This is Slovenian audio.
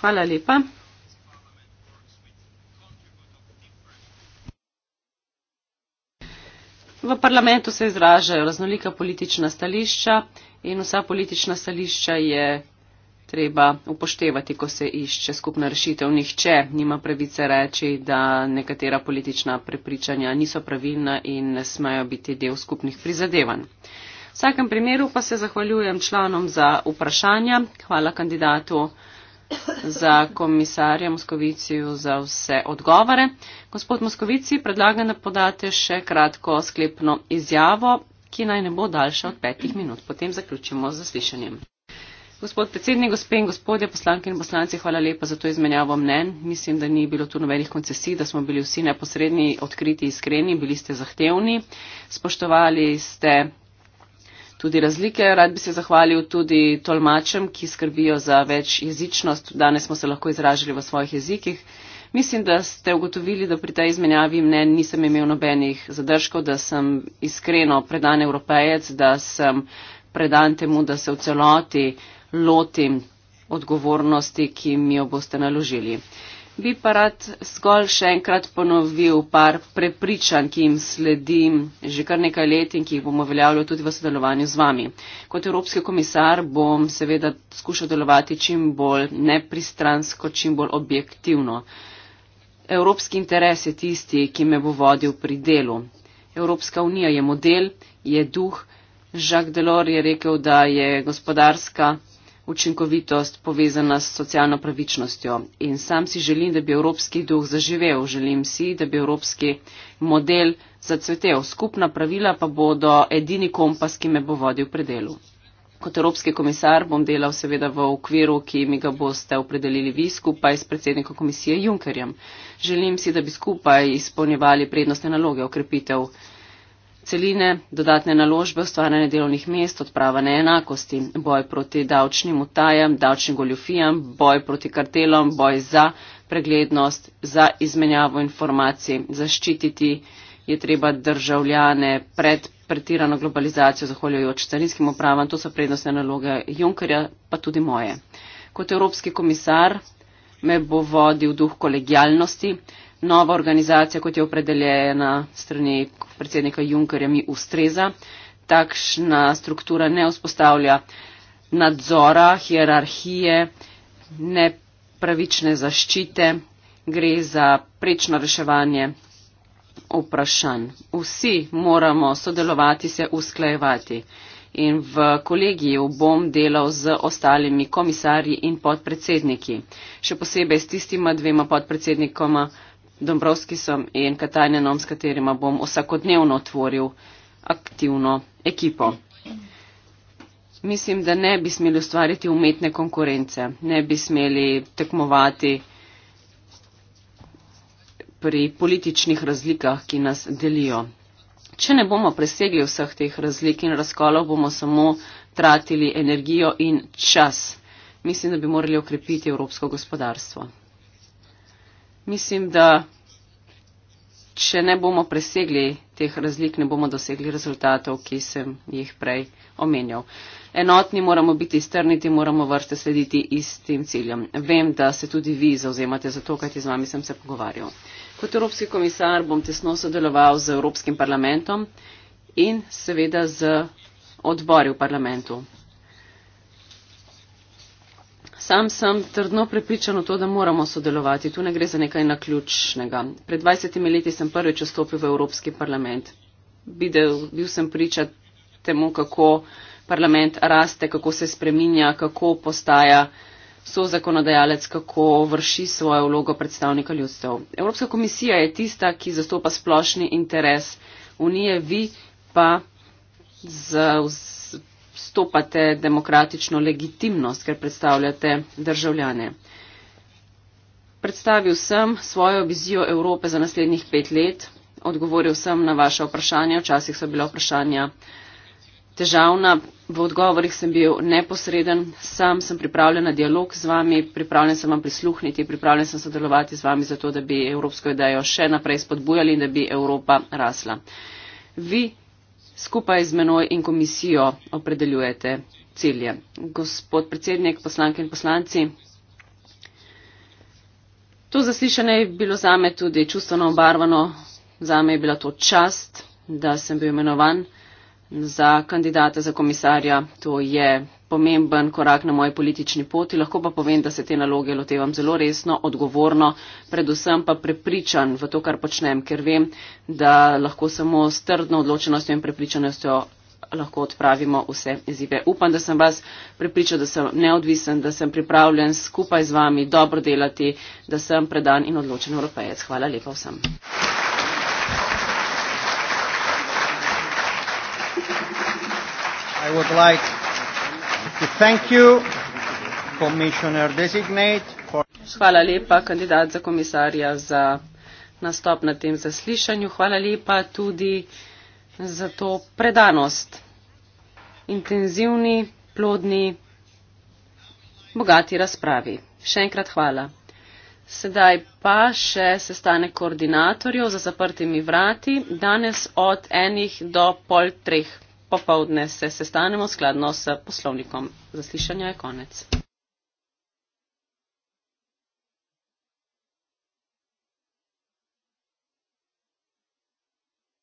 Hvala lepa. V parlamentu se izražajo raznolika politična stališča in vsa politična stališča je treba upoštevati, ko se išče skupna rešitev. Nihče nima pravice reči, da nekatera politična prepričanja niso pravilna in ne smejo biti del skupnih prizadevanj. V vsakem primeru pa se zahvaljujem članom za vprašanja. Hvala kandidatu za komisarja Moskoviciju za vse odgovore. Gospod Moskovici, predlagam, da podate še kratko sklepno izjavo, ki naj ne bo daljša od petih minut. Potem zaključimo z zaslišanjem. Gospod predsednik, gospe in gospodje, poslanke in poslanci, hvala lepa za to izmenjavo mnen. Mislim, da ni bilo tu nobenih koncesij, da smo bili vsi neposredni, odkriti, iskreni, bili ste zahtevni, spoštovali ste tudi razlike. Rad bi se zahvalil tudi tolmačem, ki skrbijo za večjezičnost. Danes smo se lahko izražali v svojih jezikih. Mislim, da ste ugotovili, da pri tej izmenjavi mnen nisem imel nobenih zadržkov, da sem iskreno predan evropejec, da sem predan temu, da se v celoti lotim odgovornosti, ki mi jo boste naložili bi pa rad zgolj še enkrat ponovil par prepričanj, ki jim sledim že kar nekaj let in ki jih bomo veljavljali tudi v sodelovanju z vami. Kot evropski komisar bom seveda skušal delovati čim bolj nepristransko, čim bolj objektivno. Evropski interes je tisti, ki me bo vodil pri delu. Evropska unija je model, je duh. Jacques Delors je rekel, da je gospodarska učinkovitost povezana s socialno pravičnostjo. In sam si želim, da bi evropski duh zaživel. Želim si, da bi evropski model zacvetel. Skupna pravila pa bodo edini kompas, ki me bo vodil v predelu. Kot evropski komisar bom delal seveda v okviru, ki mi ga boste opredelili vi skupaj s predsednikom komisije Junkerjem. Želim si, da bi skupaj izpolnjevali prednostne naloge okrepitev celine, dodatne naložbe, ustvarjanje delovnih mest, odprava neenakosti, boj proti davčnim utajam, davčnim goljufijam, boj proti kartelom, boj za preglednost, za izmenjavo informacij, zaščititi je treba državljane pred pretirano globalizacijo zahvaljujoč carinskim upravam. To so prednostne naloge Junkerja, pa tudi moje. Kot evropski komisar me bo vodil duh kolegialnosti. Nova organizacija, kot je opredeljena strani predsednika Junkerja mi ustreza. Takšna struktura ne vzpostavlja nadzora, hierarhije, nepravične zaščite, gre za prečno reševanje vprašanj. Vsi moramo sodelovati, se usklajevati. In v kolegiju bom delal z ostalimi komisarji in podpredsedniki, še posebej s tistima dvema podpredsednikoma, Dombrovskisom in Katajnenom, s katerima bom vsakodnevno tvoril aktivno ekipo. Mislim, da ne bi smeli ustvariti umetne konkurence, ne bi smeli tekmovati pri političnih razlikah, ki nas delijo. Če ne bomo presegli vseh teh razlik in razkolov, bomo samo tratili energijo in čas. Mislim, da bi morali okrepiti evropsko gospodarstvo mislim, da če ne bomo presegli teh razlik, ne bomo dosegli rezultatov, ki sem jih prej omenjal. Enotni moramo biti strniti, moramo vrste slediti istim ciljem. Vem, da se tudi vi zauzemate za to, kajti z vami sem se pogovarjal. Kot evropski komisar bom tesno sodeloval z Evropskim parlamentom in seveda z odbori v parlamentu. Sam sem trdno prepričan v to, da moramo sodelovati. Tu ne gre za nekaj naključnega. Pred 20 leti sem prvič vstopil v Evropski parlament. Bidel, bil sem priča temu, kako parlament raste, kako se spreminja, kako postaja so zakonodajalec, kako vrši svojo vlogo predstavnika ljudstev. Evropska komisija je tista, ki zastopa splošni interes Unije, vi pa z, z stopate demokratično legitimnost, ker predstavljate državljane. Predstavil sem svojo vizijo Evrope za naslednjih pet let, odgovoril sem na vaše vprašanje, včasih so bila vprašanja težavna, v odgovorih sem bil neposreden, sam sem pripravljen na dialog z vami, pripravljen sem vam prisluhniti, pripravljen sem sodelovati z vami zato, da bi evropsko idejo še naprej spodbujali in da bi Evropa rasla. Vi skupaj z menoj in komisijo opredeljujete cilje. Gospod predsednik, poslanke in poslanci, to zaslišanje je bilo zame tudi čustveno obarvano. Zame je bila to čast, da sem bil imenovan za kandidata za komisarja. To je pomemben korak na moji politični poti, lahko pa povem, da se te naloge lotevam zelo resno, odgovorno, predvsem pa prepričan v to, kar počnem, ker vem, da lahko samo s trdno odločenostjo in prepričanostjo lahko odpravimo vse izzive. Upam, da sem vas prepričal, da sem neodvisen, da sem pripravljen skupaj z vami dobro delati, da sem predan in odločen evropejec. Hvala lepa vsem. I would like Hvala lepa, kandidat za komisarja, za nastop na tem zaslišanju. Hvala lepa tudi za to predanost. Intenzivni, plodni, bogati razpravi. Še enkrat hvala. Sedaj pa še sestanek koordinatorjev za zaprtimi vrati danes od enih do pol treh popovdne se sestanemo skladno s poslovnikom. Zaslišanja je konec.